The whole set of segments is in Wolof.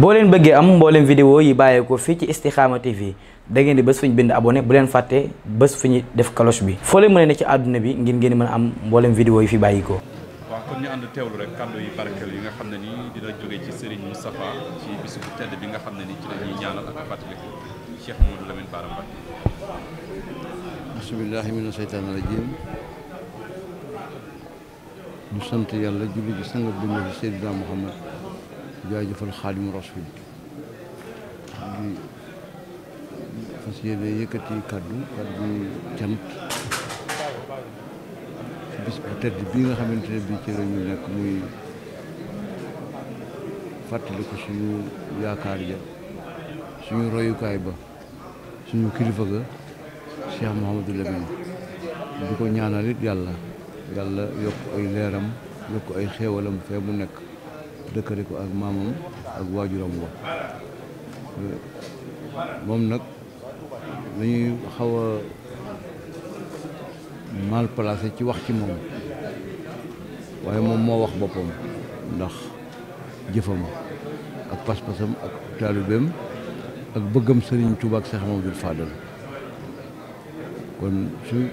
boo leen bëggee am mbooleem vidéo yi bàyyeekoo fii ci Istikhama TV da ngeen di bés fu ñu bind abone bu leen fàtte bés fu ñu def cloche bi foo leen mën a ne ci àdduna bi ngir mën a am mbooleem vidéo fi bàyyikoo waaw kon ñu ànd teewlu rek kàddu nga xam ne ni dina jóge ci Serigne Moustapha ci bisu bu tedd bi nga xam ne ni ci la ñuy ñaanal ak fàttaliku Cheikh Mamadou Lamine Bara Mbacké bismillahi mina sheytaani rajim ñu sant yàlla julli ji sangat bi jaajëfal xaadimu rasul di fas yéene yëkkati kaddu kaddu cant nga xamante ne bii ci la ñu nekk muy fàttali ko suñu yaakaar ja suñu royukaay ba suñu kilifa ga Cheikh Mouhamadou Lamine bu ko ñaanalit yàlla yàlla yokk ay leeram yokk ay xéewalam fee mu nekk dëkkale ko ak maamam ak waajuram wa moom nag dañuy xaw a mal ci wax ci moom waaye moom moo wax boppam ndax jëfam ak pas-pasam ak taalibeem ak bëggam sëriñ Tuuba ak Seex Mamadu kon su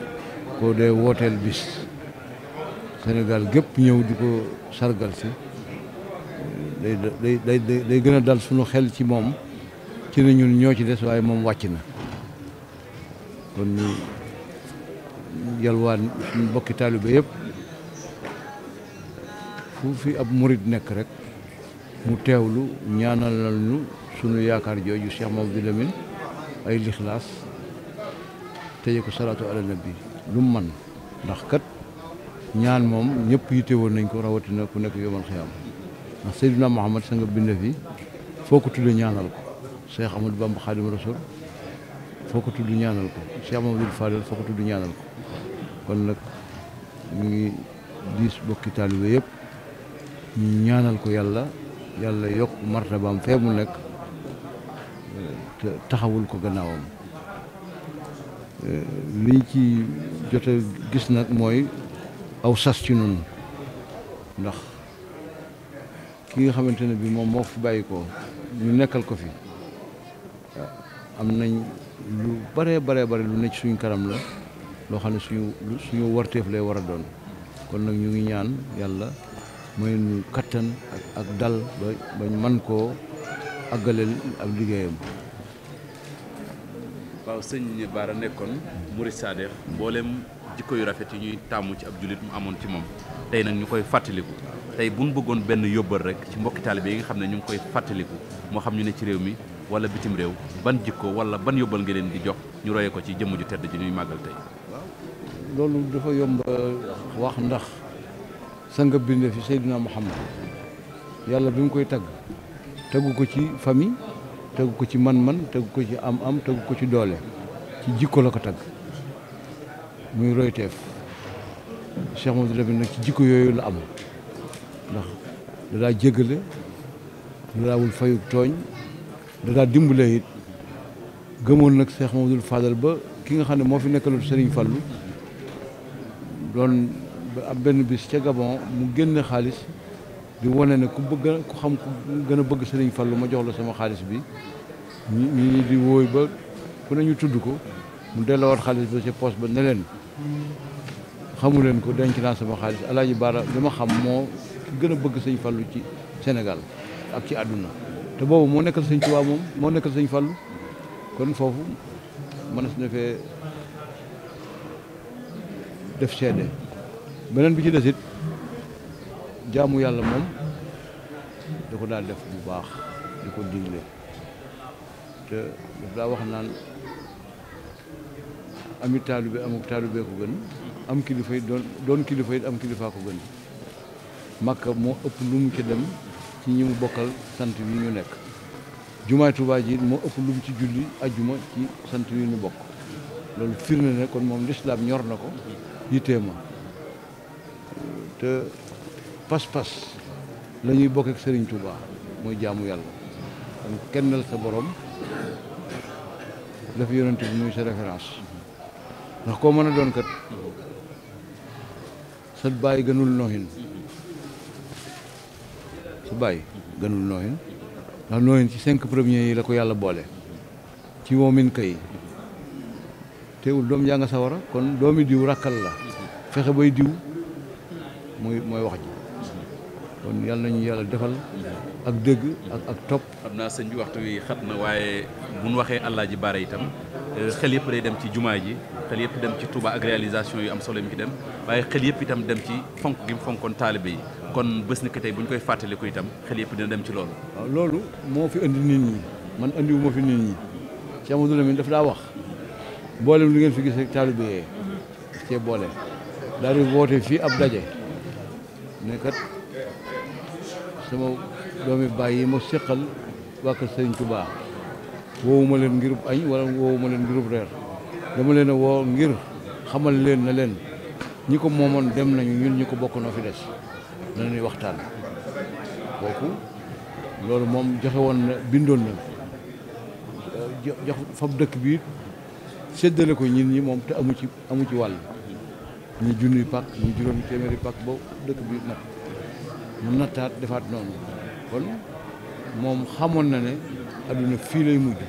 ko dee wooteel bis Sénégal gépp ñëw di ko sargal si day day day day gën a dal suñu xel ci moom ci ne ñun ñoo ci des waaye moom wàcc na kon ñu yalwaan suñu bokki taalibe yëpp fu fi ab murit nekk rek mu teewlu ñaanalal ñu sunu yaakaar jooju Cheikh Mamadou Lamine ay lixlaas tëye ko salaatu ala nabi lu mu man ndax kat ñaan moom ñëpp yite woon nañ ko rawatina ku nekk yomal xiyaam ndax Seydina Muhammad sa nga bind fi foo ko tudd ñaanal ko Cheikh Amadou Bamba Khadim Rasoul foo ko tudd ñaanal ko Cheikh Mamadou Fadel foo ko tudd ñaanal ko kon nag mu ngi diis bokki taalibe yëpp ñaanal ko yàlla yàlla yokk martabaam fee mu nekk taxawul ko gannaawam euh, liñ ci jote gis nag mooy aw sas ci noonu ndax ki nga xamante ne bi moom moo fi bàyyi ko ñu nekkal ko fi am nañ lu bare bare bare lu ne ci suñu kanam la loo xam ne suñu suñu warteef lay war a doon kon nag ñu ngi ñaan yàlla mooy ñu kattan ak ak dal ba bañ man koo àggaleel ak liggéeyam waaw sëñ Bara nekkoon Murid Sadex mboolem jikko yu rafet yi ñuy tàmmu ci ab jullit mu amoon ci moom tey nag ñu koy fàttaliku tey bu ñu bëggoon benn yóbbal rek ci mbokki taalibe yi nga xam ne ñu ngi koy fàttaliku moo xam ñu ne ci réew mi wala bitim réew ban jikko wala ban yóbbal nga leen di jox ñu roye ko ci jëmm ju tedd ji nuy màggal tey. loolu dafa yomb wax ndax sanga binde fi Seydina Muhammad yàlla bi mu koy tagg taggu ko ci famille taggu ko ci man-man taggu ko ci am-am taggu ko ci doole ci jikko la ko tagg muy royteef Cheikh Mamadou Lamine nag ci jikko yooyu la am. ndax da daa jégale da daawul tooñ da daa dimbale it gëmoon nag Cheikh Mamadou Fadal ba ki nga xam ne moo fi nekkalu Serigne Fallou doon ab benn bis ca Gabon mu génne xaalis di wane ne ku bëgg ku xam ku gën a bëgg Serigne Fallou ma jox la sama xaalis bi ñi di wooy ba ku ne ñu tudd ko mu delloowaat xaalis ba ci poos ba ne leen leen ko denc naa sama xaalis alaaji baara li xam moo ki gën a bëgg sëñ Fallou ci senegal ak ci àdduna te boobu moo nekkal sëñ Tuubaa moom moo nekkal sëñ Fallou kon foofu mënees na fee def seede beneen bi ci desit jaamu yàlla moom da ko daa def bu baax di ko digle te daf daa wax naan amit taalibe amuk taalibe ko gën am kilifa it doon doon kilifa it am kilifaa ko gën Makka moo ëpp lu ci dem ci ñi mu bokkal sant wi ñu nekk jumaay Tuubaa ji moo ëpp lu mu ci julli juma ci sant wi ñu bokk loolu firnde ne kon moom lislaam ñor na ko yittee ma te pas-pas la ñuy bokk Sëriñ Tuubaa mooy jaamu yàlla kon kennal sa borom dafa yonent bi muy sa référence ndax koo mën a doon kat sa bàyyi gënul nohin su bàyyi gënul nooyin ndax nooyin ci cinq premiers yi la ko yàlla boole ci moomin kay teewul doom jaa nga sawara kon doomi diw rakkal la fexe bay diw mooy mooy wax ji kon yàlla nañu yàlla defal ak dëgg ak ak topp xam naa sëñ bi waxtu wi xat na waaye bu waxee waxee Alaaji Baara itam euh, xel yëpp day dem ci jumaa ji xel yëpp dem ci Touba ak réalisation yu am solo yi ci dem waaye xel yëpp itam dem ci fonk gi mu fonkoon taalibe yi kon bés ni ko tey bu ñu koy fàttaliku itam xel yëpp dina dem ci loolu. waaw loolu moo fi indi nit ñi man andiwu ma fi nit ñi Cheikh Amadou daf daa wax mboolem li ngeen fi gis rek taalibe yee cee boole daal di fii ab daje ne kat sama doomi baay yi seqal waa kër Sëriñ Tuubaa woowuma leen ngirub añ wala woowuma leen ngirub dama leen a ngir xamal leen na leen ñi ko moomoon dem nañu ñun ñi ko bokk noo fi des danañuy waxtaan kooku loolu moom joxe woon na bindoon na jox fab dëkk bi séddale ko ñin ñi moom te amu ci amu ci wàll ñu junniy pàkk ñu juróomi téeméeri pàkk ba dëkk bi nat mu nattaat defaat noonu kon moom xamoon na ne adduna fii lay mujj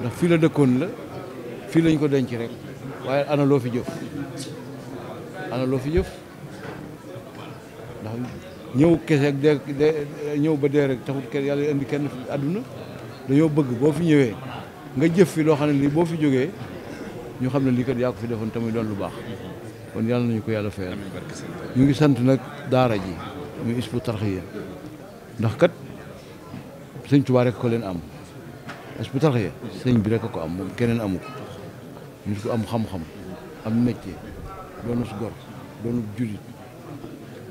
ndax fii la dëkkoon la fii lañ ko denc rek waaye ana fi jëf ana fi jëf ndax ñëw kese ak dee ñëw ba dee rek taxut kenn yàlla indi kenn àdduna dañoo bëgg boo fi ñëwee nga jëf fi loo xam ne lii boo fi jógee ñu xam ne lii kat yaa ko fi defoon tamit doon lu baax kon yàlla nañu ko yàlla fayal ñu ngi sant nag daara ji muy Hizbut Tarqiyyah ndax kat sëñ rekk rek ko leen am Hizbut Tarqiyyah sëñ bi rek ko am moom keneen amu ko nit ko am xam-xam am métier doonu su gor doonu jullit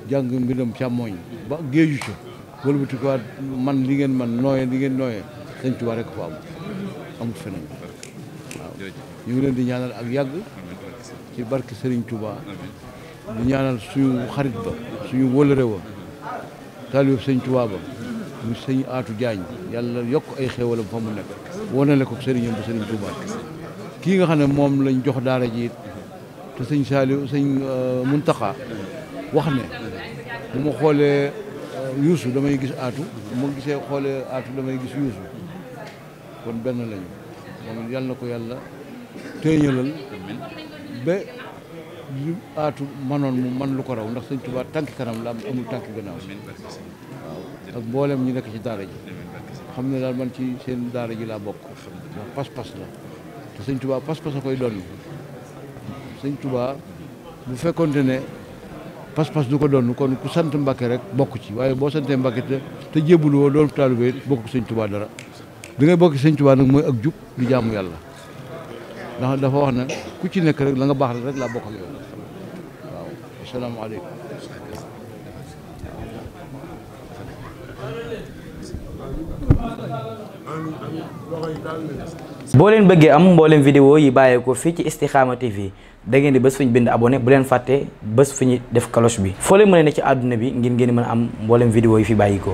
jàng mbindam càmmooñ ba géeju ca wëlbati ko man li ngeen man nooye li ngeen nooye Sëñ Tuubaa rek fa am amut feneen waaw ñu ngi leen di ñaanal ak yàgg ci barke Sëriñ Tuubaa di ñaanal suñu xarit ba suñu wëlëre wa taalib Sëñ sëñ Aatu Jaañ yàlla yokk ay xéewalam fa mu nekk wonale ko sëriñam ba Sëriñ Tuubaa kii nga xam ne moom lañ jox daara ji te sëñ Saaliw sëñ euh, Muntaxa wax ne bu ma xoolee euh, yuusu damay gis aatu bu ma gisee xoolee aatu damay gis yuusu kon benn lañu moom yàlla na ko yàlla téeñalal ba li aatu manoon mu man lu ko raw ndax sëñ Tuubaa tànki kanam la am amul tànki gannaaw waaw ak mboolem ñi nekk ci daara ji xam ne daal man ci seen daara ji laa bokk ndax pas-pas la te sëñ Tuubaa pas-pas koy doon sëñ Tuubaa bu fekkonte ne pas-pas du ko doon kon ku sant Mbàkke rek bokk ci waaye boo santee Mbàkke te te jébul woo doon taalibe bokk sëñ Tuubaa dara bi ngay bokk sëñ Tuubaa nag mooy ak jub di jaamu yàlla dafa wax ne ku ci nekk rek la nga baax rek laa bokk ak yow waaw asalaamaaleykum boo leen bëggee am mboolem vidéo yi bàyyeekoo fii ci Istikhama TV da ngeen di bés fu ñu bind abonné bu leen fàtte bés fu ñu def cloche bi foo leen mën ne ci àdduna bi ngir ngeen mën a am mboolem vidéo yi fi bàyyikoo